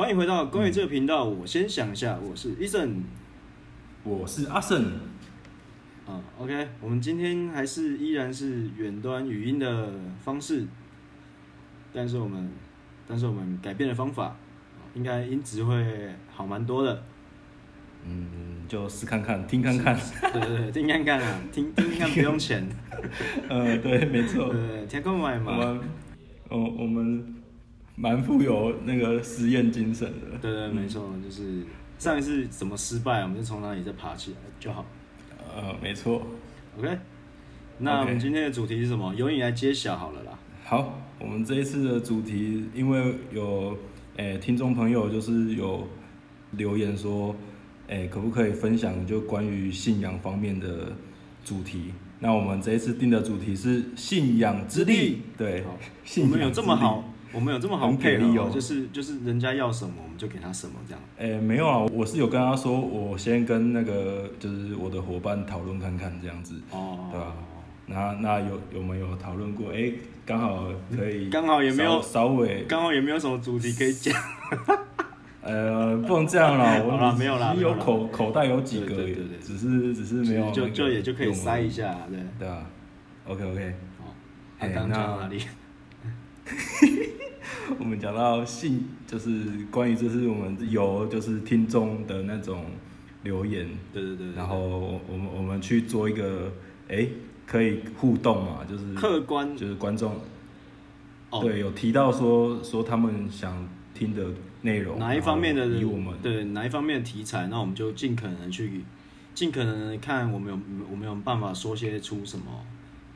歡迎回到公益這個頻道。嗯、我先想一下，我是、Eason，我是阿盛。嗯、o、okay, k 我們今天還是依然是遠端語音的方式，但是我們但是我們改變的方法，應該音質會好蠻多的。嗯，就試看看，聽看看。對對對，聽看看啊， 聽，聽聽看不用錢。呃，對，沒錯。對，錢夠買嘛。呃、我我們。蠻富有那個實驗精神的， 對對，沒錯，就是上一次怎麼失敗，我們就從哪裡再爬起來就好。呃，沒錯，OK。那我們今天的主題是什麼？由 Okay. 你來揭曉好了啦。好，我們這一次的主題，因為有誒、欸、聽眾朋友就是有留言說，誒、欸、可不可以分享就關於信仰方面的主題？那我們這一次定的主題是信仰之力，之力。對，我們有這麼好。我們有這麼好配合哦，就是就是人家要什麼我們就給他什麼這樣。誒,沒有啊,我是有跟他說，我先跟那個就是我的夥伴討論看看這樣子。哦，對啊。那那有有沒有討論過？哎,剛好可以,剛好也沒有稍微,剛好也沒有什麼主題可以講。呃,不能這樣啦,好了沒有啦。你有口口袋有幾個？對對對，只是只是沒有，就就也就可以塞一下,對對啊。OK OK，好，剛剛講到哪裡？我們講到信，就是關於這是我們有就是聽眾的那種留言。對，對對對，然後我們我們去做一個，哎，欸，可以互動嘛，就是客觀，就是觀眾，哦，對，有提到說說他們想聽的內容哪的，哪一方面的以我們對哪一方面的題材，那我們就盡可能去，盡可能的看我們有我們有辦法說些出什麼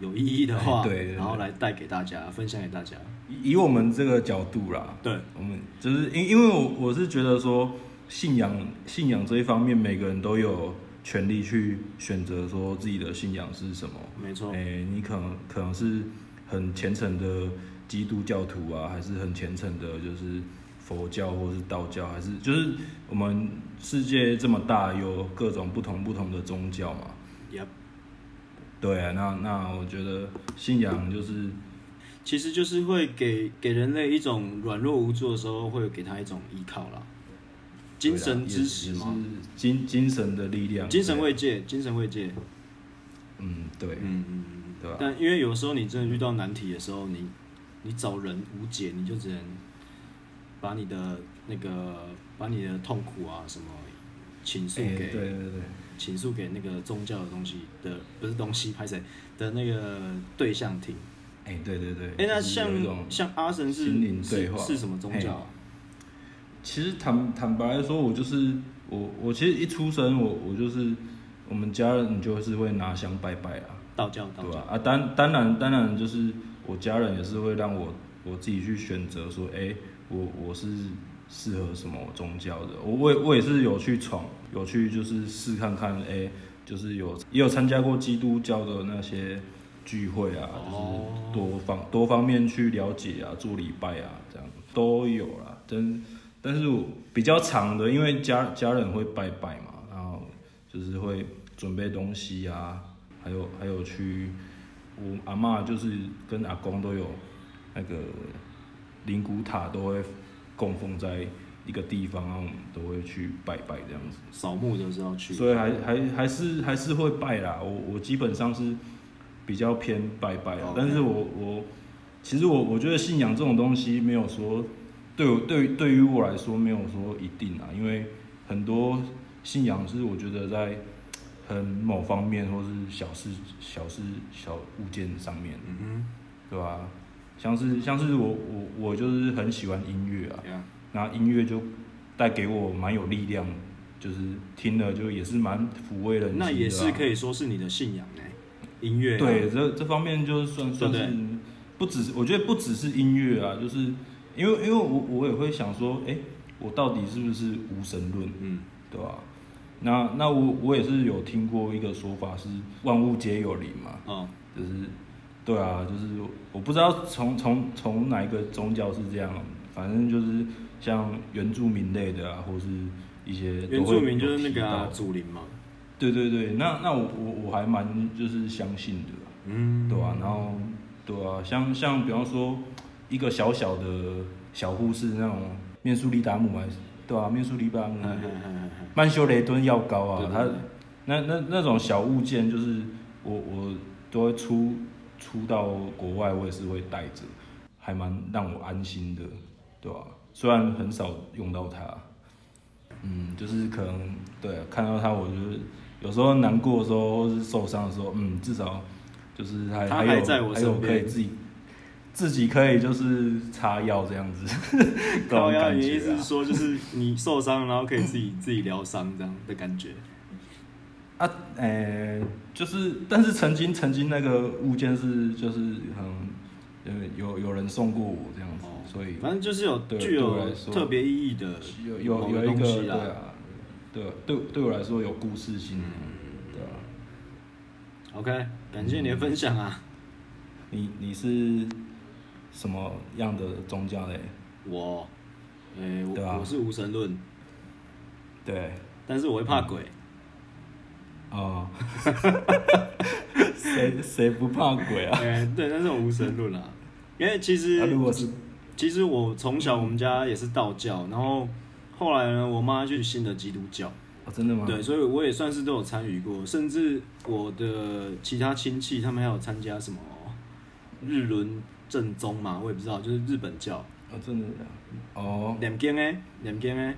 有意義的話，哎、對，對，對，對，然後來帶給大家，分享給大家。以我們這個角度啦，對，我們就是因，因為我我是覺得說，信仰信仰這一方面，每個人都有權利去選擇說自己的信仰是什麼？沒錯，哎，你可能可能是很虔誠的基督教徒啊，還是很虔誠的，就是佛教或是道教，還是就是我們世界這麼大，有各種不同不同的宗教嘛。Yep 對啊，那那我覺得信仰就是，其實就是會給給人類一種軟弱無助的時候，會給他一種依靠啦，精神、啊、支持嘛，精精神的力量，精神慰藉，精神慰藉。啊、慰藉嗯，對，嗯嗯，嗯對、啊。但因為有時候你真的遇到難題的時候，你你找人無解，你就只能把你的那個把你的痛苦啊什麼傾訴給、欸。對對對。傾訴給那個宗教的東西的，不是東西，拍誰的那個對象聽？哎，對對對。哎，那像像阿神是心靈對話是，是什麼宗教啊？其實坦坦白說，我就是我我其實一出生我，我我就是我們家人，就是會拿香拜拜啊，道教，道教，對吧？啊，當當然當然就是我家人也是會讓我我自己去選擇說，哎，我我是。適合什麼宗教的？我我我也是有去闖，有去就是試看看，誒、欸，就是有也有參加過基督教的那些聚會啊，就是多方多方面去了解啊，做禮拜啊，這樣都有啦。真，但但是我比較長的，因為家家人會拜拜嘛，然後就是會準備東西啊，還有還有去我阿嬤就是跟阿公都有那個靈骨塔都會。供奉在一個地方，都會去拜拜這樣子。掃墓就是要去，所以還還還是還是會拜啦。我我基本上是比較偏拜拜啦，Okay. 但是我我其實我我覺得信仰這種東西沒有說，對我對對於我來說沒有說一定啦，因為很多信仰是我覺得在很某方面或是小事小事小物件上面，嗯嗯，對吧、啊？像是像是我我我就是很喜歡音樂啊，那 Yeah. 音樂就帶給我蠻有力量，就是聽了就也是蠻撫慰人心的、啊。那也是可以說是你的信仰、欸、音樂、啊。對，這這方面就是算算是對對不只是，我覺得不只是音樂啊，就是因為因為我我也會想說，誒，我到底是不是無神論？嗯，對吧？那那我我也是有聽過一個說法是萬物皆有靈嘛，哦、就是。對啊，就是我不知道從從從哪一個宗教是這樣，反正就是像原住民類的啊，或是一些原住民就是那個祖、啊到啊、靈嘛。對對對，那那我我我還蠻就是相信的、啊，嗯，對啊，然後對啊，像像比方說一個小小的小護士那種面速力達姆是對啊，面速力達姆曼秀雷敦藥膏啊，它那那那種小物件就是我我都會出，出到國外，我也是會帶着，還蠻讓我安心的，對吧、啊？雖然很少用到它，嗯，就是可能對看到它，我覺、就、得、是、有時候難過的時候或是受傷的時候，嗯，至少就是它還，還在我身邊還有可以自己、嗯、自己可以就是擦藥這樣子，靠藥 要。啊、你意思是說，就是你受傷 然後可以自己自己療傷這樣的感覺？啊，呃、欸，就是，但是曾經，曾經那個物件是，就是，嗯，因為有有人送過我這樣子，哦、所以反正就是有具有對特別意義的、的東西，有有有一個，對啊，對啊對對，對我來說有故事性，嗯、對、啊、OK，感謝你的分享啊。嗯、你你是什麼樣的宗教嘞、欸？我，呃、啊，我我是無神論，對，但是我會怕鬼。嗯哦，誰誰、oh. 不怕鬼啊？哎，yeah, 對，但是我無神論啊。是因為其實，啊、其實我從小我們家也是道教，然後後來呢，我媽去信的基督教。哦，oh, 真的嗎？對，所以我也算是都有參與過，甚至我的其他親戚他們還有參加什麼日蓮正宗嘛，我也不知道，就是日本教。哦，oh, 真的？哦、oh.，念經呢，念經呢。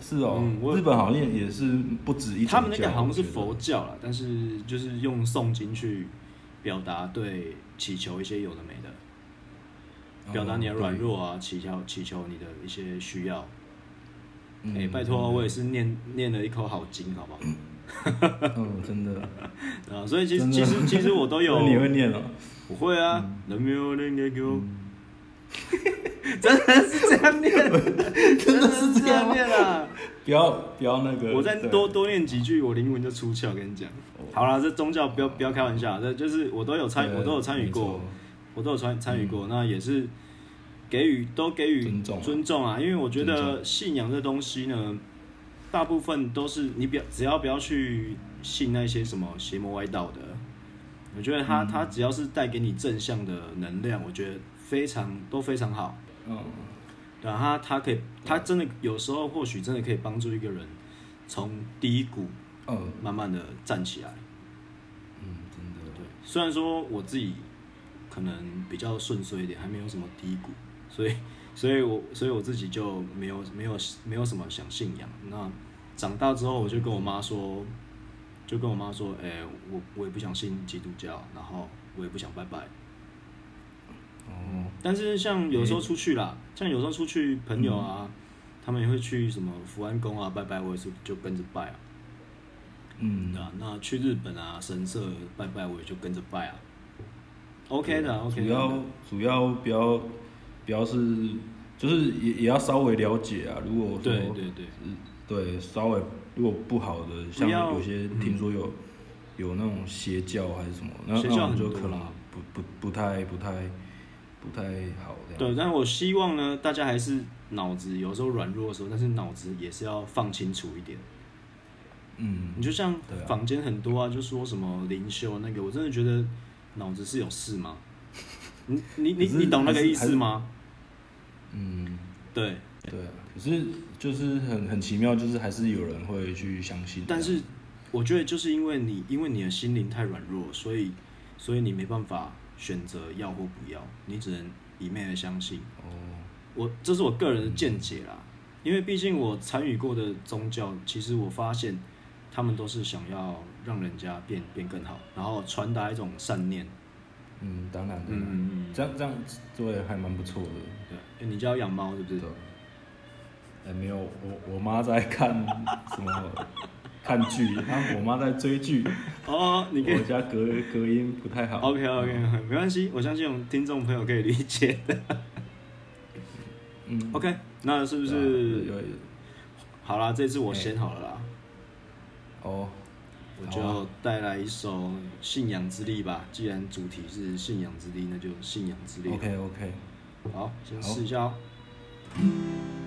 是哦，日本好像也是不止一，他們那個好像是佛教啦，但是就是用誦經去表達對祈求一些有的沒的，表達你的軟弱啊，祈求祈求你的一些需要。哎，拜托，我也是念念了一口好經，好不好？真的，所以其實其實其實我都有，你會念哦？我會啊， 真的是這樣念， 真的是這樣念啊！不要不要那個，我再多對多念幾句，我靈魂就出竅。我跟你講，好啦，這宗教不要不要開玩笑，這就是我都有參對我都有參與過，錯我都有參參與過。嗯、那也是給予都給予尊重啊，因為我覺得信仰這東西呢，大部分都是你不要只要不要去信那些什麼邪魔歪道的。我覺得它、嗯、它只要是帶給你正向的能量，我覺得。非常都非常好，嗯，然後，他他可以，他真的有時候或許真的可以幫助一個人從低谷，嗯，慢慢的站起來，嗯，真的對。雖然說我自己可能比較順遂一點，還沒有什麼低谷，所以，所以我，所以我自己就沒有沒有沒有什麼想信仰。那長大之後，我就跟我媽說，就跟我媽說，哎，我我也不想信基督教，然後我也不想拜拜。哦，但是像有時候出去啦，對像有時候出去朋友啊，嗯、他們也會去什麼福安宮啊拜拜，我也是就跟着拜啊。嗯，那那去日本啊神社拜拜，我也就跟着拜啊。OK 的、啊、OK 的、啊。主要主要比較比較是就是也也要稍微了解啊。如果說對對對，嗯、對稍微如果不好的，像要有些聽說有、嗯、有那種邪教還是什麼，那邪教那就可能不不不太不太。不太不太好。的。對，但是我希望呢，大家還是腦子有時候軟弱的時候，但是腦子也是要放清楚一點。嗯，你就像坊間很多啊，啊就說什麼靈修那個，我真的覺得腦子是有事嗎？ 你你你是你懂那個意思嗎？是是嗯，對對、啊，可是就是很很奇妙，就是還是有人會去相信、啊。但是我覺得就是因為你因為你的心靈太軟弱，所以所以你沒辦法。選擇要或不要，你只能一昧的相信。哦，我這是我個人的見解啦，嗯、因為畢竟我參與過的宗教，其實我發現他們都是想要讓人家變變更好，然後傳達一種善念。嗯，當然的。嗯嗯嗯。這樣這樣做的還蠻不錯的。對。對欸、你家養貓是不是對？欸，沒有，我我媽在看什麼？ 看劇，看我媽在追劇。哦，你可以，我家隔隔音不太好。O K O K，沒關係，我相信我們聽眾朋友可以理解的。嗯，O、okay, K，那是不是、啊、好啦，這次我先好了啦。哦，Hey . oh, 我就帶來一首《信仰之力》吧。啊、既然主題是信仰之力，那就《信仰之力》okay, okay。O K O K，好，先試一下哦、oh. 喔。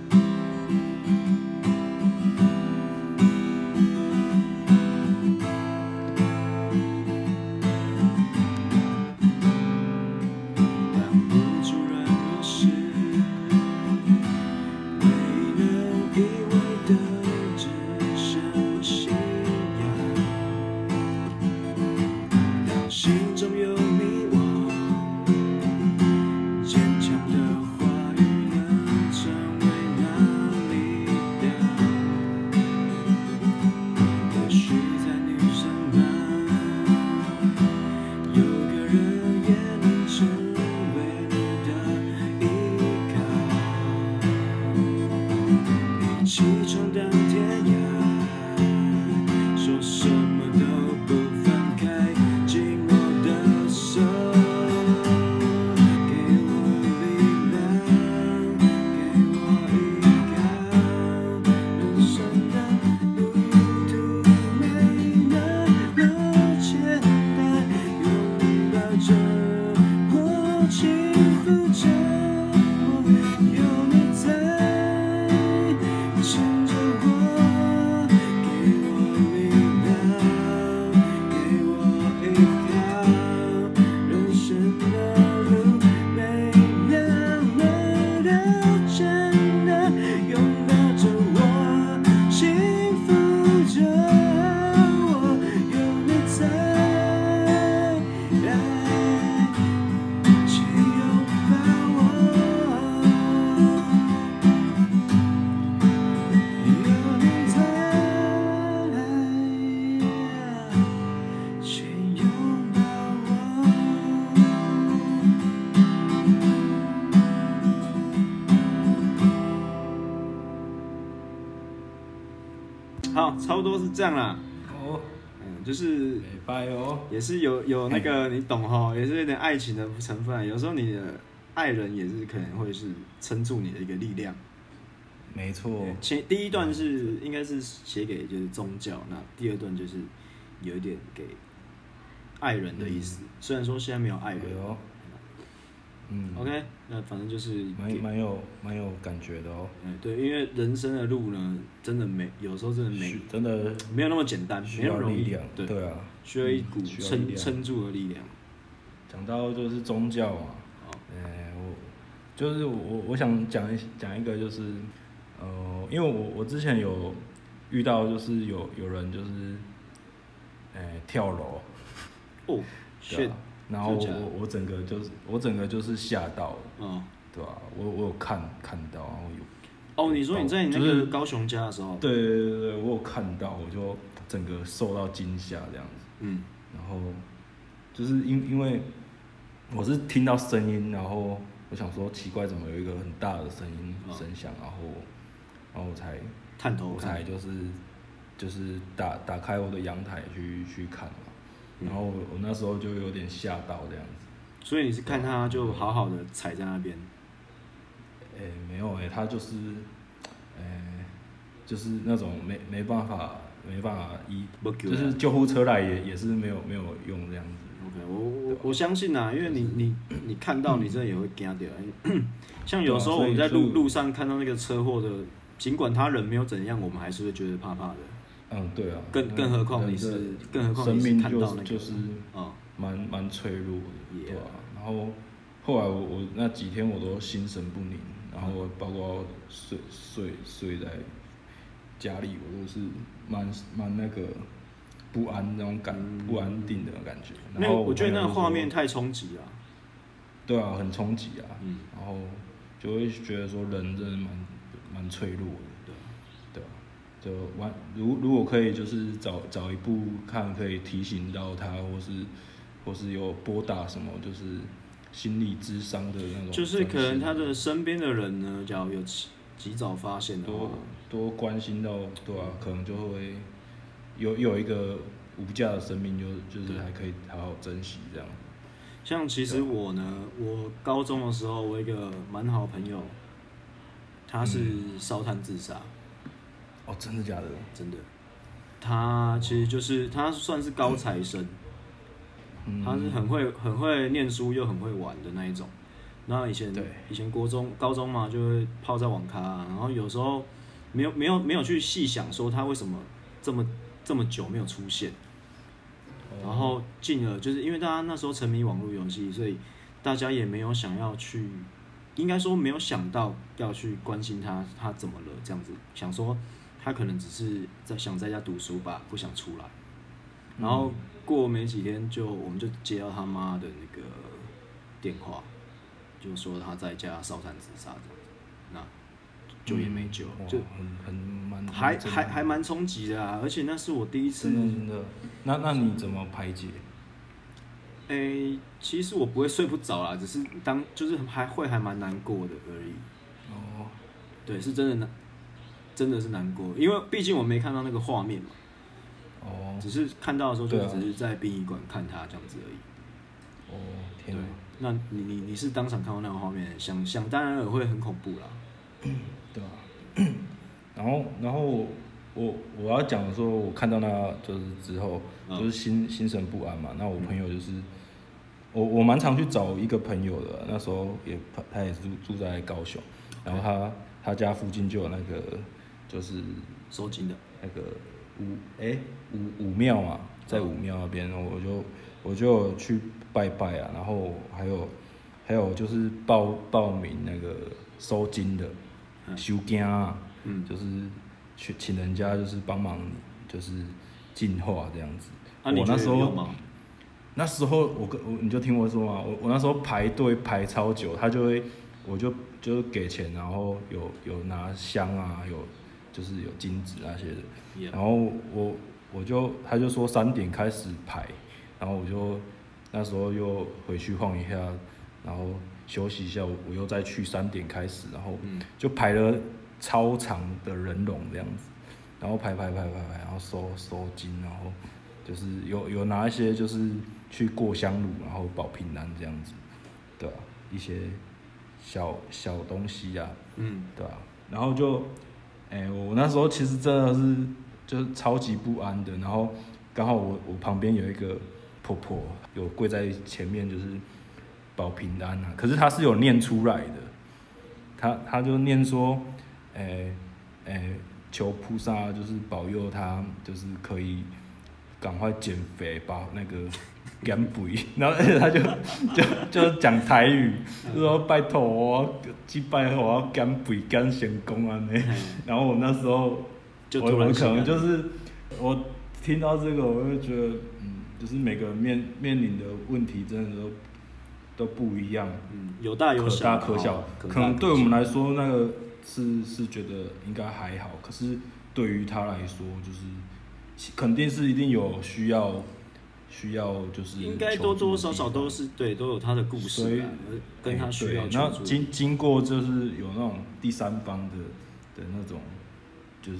好，差不多是這樣啦。哦、嗯，就是，也是有有那個你懂哈，也是有點愛情的成分。有時候你的愛人也是可能會是撐住你的一個力量。沒錯，前第一段是應該是寫給就是宗教，那第二段就是有一點給愛人的意思。嗯、雖然說現在沒有愛人。哎、嗯，OK。那反正就是蠻蠻有蠻有感覺的哦。對，因為人生的路呢，真的沒，有時候真的沒，真的沒有那麼簡單，沒有力量，對對啊，需要一股撐撐住的力量。講到就是宗教嘛，呃，我就是我，我想講一講一個就是，呃，因為我我之前有遇到就是有有人就是、欸，跳樓。哦，是。然後我我，我整個就是我整個就是嚇到了，嗯、哦，對吧、啊？我我有看看到，然後有哦，你說你在你那個高雄家的時候，就是、對對對，對，我有看到，我就整個受到驚嚇這樣子，嗯，然後就是因因為我是聽到聲音，然後我想說奇怪怎麼有一個很大的聲音聲響，然後、哦、然後我才探頭，我才就是就是打打開我的陽台去去看。然後我，我那時候就有點嚇到這樣子，所以你是看他就好好的踩在那邊，哎，沒有誒，他就是，哎，就是那種沒沒辦法，沒辦法醫，就是救護車來也、嗯、也是沒有沒有用這樣子。OK，我對我，我相信吶、啊，因為你、就是、你你，你看到你這也會驚掉、嗯， 像有時候我們在路路上看到那個車禍的，儘管他人沒有怎樣，我們還是會覺得怕怕的。嗯，對啊，更更何況你是，更何況生命就是、那個、就是，嗯、哦，蠻蠻脆弱的，對啊。然後後來我我那幾天我都心神不寧，嗯、然後包括睡睡睡在家裡，我都是蠻蠻那個不安那種感，嗯、不安定的感覺。沒有，我覺得那個畫面太衝擊了。對啊，很衝擊啊，嗯，然後就會覺得說人真的蠻蠻脆弱的。就完，如如果可以，就是早找，找一步看，可以提醒到他，或是或是有撥打什麼，就是心理諮商的那種。就是可能他的身邊的人呢，假如有及及早發現的話，多多關心到，對啊，可能就會有有一個無價的生命就，就就是還可以好好珍惜這樣。對像其實我呢，對我高中的時候，我一個蠻好的朋友，他是燒炭自殺。嗯哦、真的假的？真的，他其實就是他算是高材生，嗯、他是很會很會念書又很會玩的那一種。然後以前對以前國中高中嘛，就會泡在網咖、啊，然後有時候沒有沒有沒有去細想說他為什麼這麼這麼久沒有出現，對然後進而就是因為大家那時候沉迷網絡遊戲，所以大家也沒有想要去，應該說沒有想到要去關心他他怎麼了這樣子，想說。他可能只是在想在家讀書吧，不想出來。然後過了沒幾天就，就我們就接到他媽的那個電話，就說他在家燒炭自殺。那救也沒救，嗯、就還很很蠻還還還蠻衝擊的啊！而且那是我第一次真的。那那你怎麼排解？誒、欸，其實我不會睡不着啦，只是當就是還會還蠻難過的而已。哦，對，是真的難。真的是難過，因為畢竟我沒看到那個畫面嘛。哦。只是看到的時候，就只是在殯儀館看他這樣子而已。哦，天吶，那你你你是當場看到那個畫面，想想當然也會很恐怖啦。嗯、對吧、啊？ 然後然後我我要講的時候，我看到那就是之後，就是心、哦、心神不安嘛。那我朋友就是、嗯、我我蠻常去找一個朋友的，那時候也他他也住住在高雄，然後他 Okay. 他家附近就有那個。就是收金的那個武誒，武武廟啊，在武廟那邊，我就我就去拜拜啊，然後還有還有就是報報名那個收金的、啊，修經啊，就是去請人家就是幫忙就是淨化這樣子。啊、你有我那時候有嗎？那時候我跟你就聽我說嘛、啊，我我那時候排隊排超久，他就會我就就給錢，然後有有拿香啊，有。就是有金子那些的，Yeah. 然後我我就他就說三點開始排，然後我就那時候又回去晃一下，然後休息一下，我又再去三點開始，然後就排了超長的人龍這樣子，然後排排排排排，然後收收金，然後就是有有拿一些就是去過香爐，然後保平安這樣子，對啊，一些小小東西呀，啊，嗯，對啊，然後就。哎、欸，我那時候其實真的是就是超級不安的，然後剛好我我旁邊有一個婆婆，有跪在前面就是保平安啊，可是她是有念出來的，她她就念說，哎、欸、哎、欸，求菩薩就是保佑她就是可以。趕快減肥吧，那個減肥， 然後而且他就 就就講台語，就 Okay. 說拜託，我，拜託，我要減肥，減成功啊！那， 然後我那時候就我可能就是我聽到這個，我就覺得，嗯，就是每個人面面臨的問題真的都都不一樣，嗯，有大有小，可大可小，好可，可，可能對我們來說那個是是覺得應該還好，可是對於他來說，嗯，就是。肯定是一定有需要，需要就是應該多多少少都是對，都有他的故事，所以跟他需要、欸。然後經經過就是有那種第三方的的那種，就是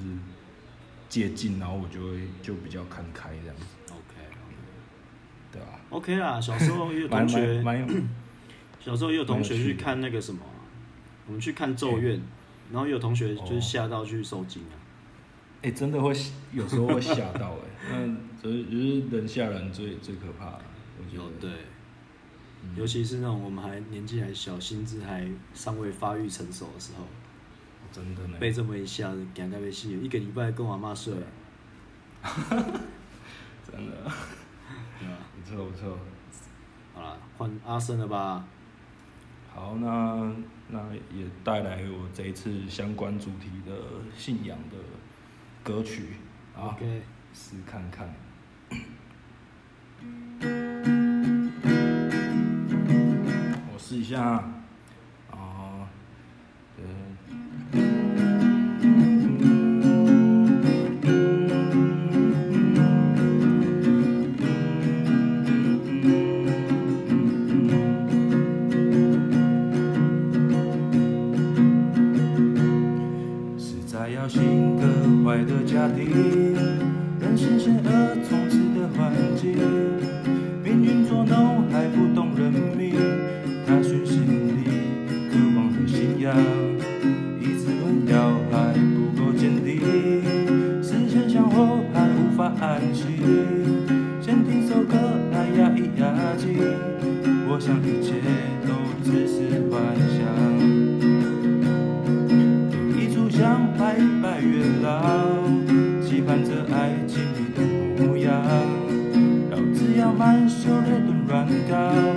借鏡，然後我就會就比較看開這樣子。OK，, okay. 對吧、啊、？OK 啦，小時候也有同學， 小時候也有同學去看那個什麼，我們去看咒《咒怨、嗯》，然後也有同學就是嚇到去收驚啊。哦哎、欸，真的會有時候會嚇到哎、欸， 那就是就是人嚇人最最可怕，我覺得，對，嗯、尤其是那種我們還年紀還小，心智還尚未發育成熟的時候，真的被這麼一嚇，驚到沒氣，一個禮拜跟我媽睡了。對 真的，對啊吧，不錯不錯。好啦換阿森了吧。好，那那也帶來我這一次相關主題的信仰的。歌曲啊，試看看，我試一下。都只是幻想。一炷香拜拜月老，期盼着愛情的模樣。老子要滿手的燉軟干。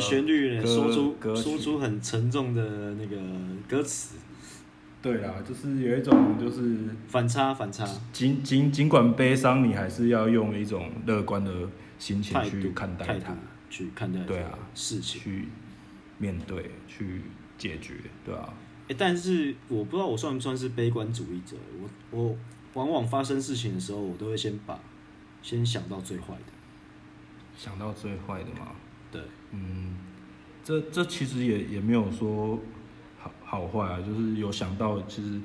旋律、呃、歌說出曲說出很沉重的那個歌詞，對啊，就是有一種就是反差反差。盡盡儘管悲傷，你還是要用一種樂觀的心情去看待它，態度、去看待對啊事情，去面對去解決對啊、欸。但是我不知道我算不算是悲觀主義者，我我往往發生事情的時候，我都會先把先想到最壞的，想到最壞的嗎？對。嗯，這這其實也也沒有說好好壞啊，就是有想到，其實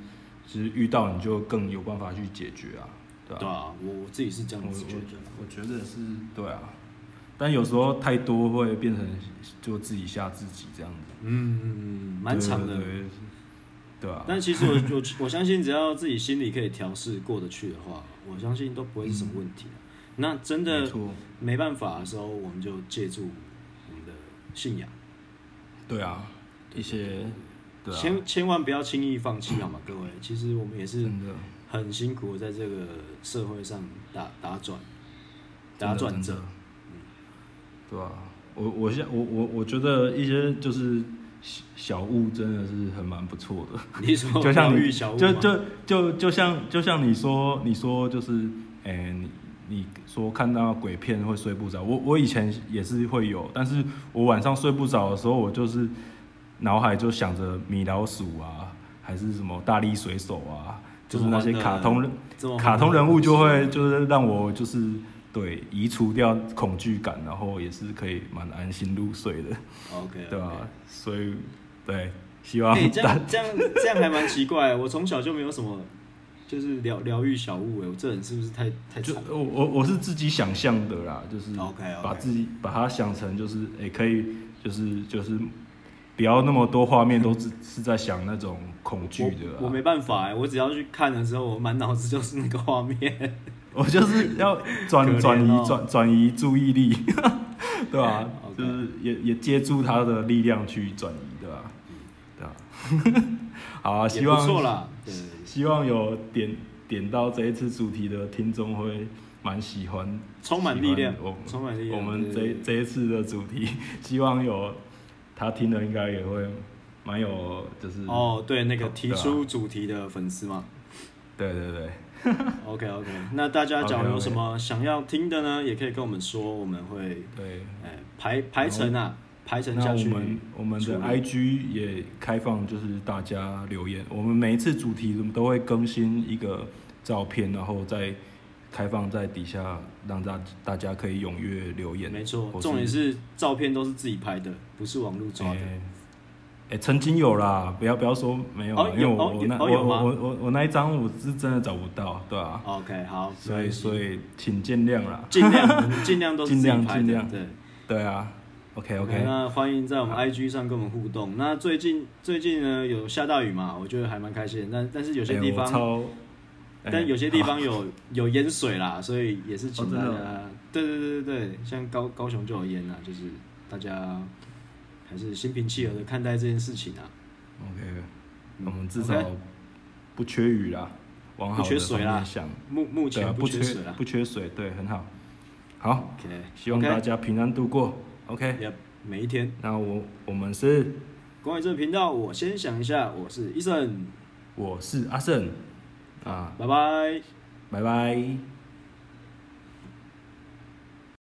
其實遇到你就更有辦法去解決啊，對啊，對啊我自己是這樣子覺得，我,我,啊、我覺得是對啊，但有時候太多會變成就自己嚇自己這樣子，嗯嗯嗯，蠻長的，對,對,對啊，但其實我我 我相信，只要自己心裡可以調試過得去的話，我相信都不會是什麼問題、啊。嗯、那真的沒,錯沒辦法的時候，我們就借助。信仰，對啊，一些、嗯啊千，千萬不要輕易放棄啊嘛，嗯、各位，其實我們也是很很辛苦在這個社會上打打轉，真的打轉折，嗯、對啊，我我現我我我覺得一些就是小小物真的是很蠻不錯的，你說就像就就就就像就像你說你說就是嗯。你說看到鬼片會睡不着，我我以前也是會有，但是我晚上睡不着的時候，我就是腦海就想着米老鼠啊，還是什麼大力水手啊，就是那些卡通人、嗯嗯嗯嗯、卡通人物就會就是讓我就是對移除掉恐懼感，然後也是可以蠻安心入睡的，OK，對吧？所以對，希望你、欸、這樣但這樣還蠻奇怪， 我從小就沒有什麼。就是療療癒小物、欸、我這人是不是太太就我我我是自己想象的啦，就是把自己 okay, okay. 把它想成就是哎、欸、可以就是就是不要那麼多畫面都是是在想那種恐懼的啦我。我沒辦法哎、欸，我只要去看的時候，我滿腦子就是那個畫面，我就是要轉轉移轉轉移注意力， 對吧、啊？Okay. 就是也也借助他的力量去轉移的吧，對吧、啊？對啊、 好、啊，希望不錯了。對希望有點點到這一次主題的聽眾會蠻喜歡，充滿力量。我們充滿力量，我們這對對這一次的主題，希望有他聽了應該也會蠻有，就是哦，對，那個提出主題的粉絲嘛，對，啊、對對對 ，OK OK，那大家假如有什麼想要聽的呢？Okay, okay. 也可以跟我們說，我們會對、哎、排排程啊。排成像，我們我們的 IG 也開放，就是大家留言。我們每一次主題都都會更新一個照片，然後再開放在底下，讓大大家可以踴躍留言。沒錯，重點是照片都是自己拍的，不是網絡抓的。曾經有啦，不要不要說沒有，因為我那，我我我我那一張我是真的找不到，對啊。OK 好，所以所以請見諒啦，儘量儘量都是自己拍的盡量對啊。OK okay. OK，那歡迎在我們 IG 上跟我們互動。好那最近最近呢，有下大雨嘛？我覺得還蠻開心的。但但是有些地方，欸欸、但有些地方有、欸、有淹水啦，所以也是請大家，對、oh, that 對對對對，像高高雄就有淹啦，就是大家還是心平氣和的看待這件事情啊。OK、嗯、我們至少 okay 不缺雨啦，往好的方面想，目目前不缺水啦、啊不缺，不缺水，對，很好。好，OK，okay. 希望大家平安度過。OK，Yep，Okay, 每一天。那我我們是關於這個頻道。我先想一下，我是 Eason，我是阿勝。啊，拜拜，拜拜。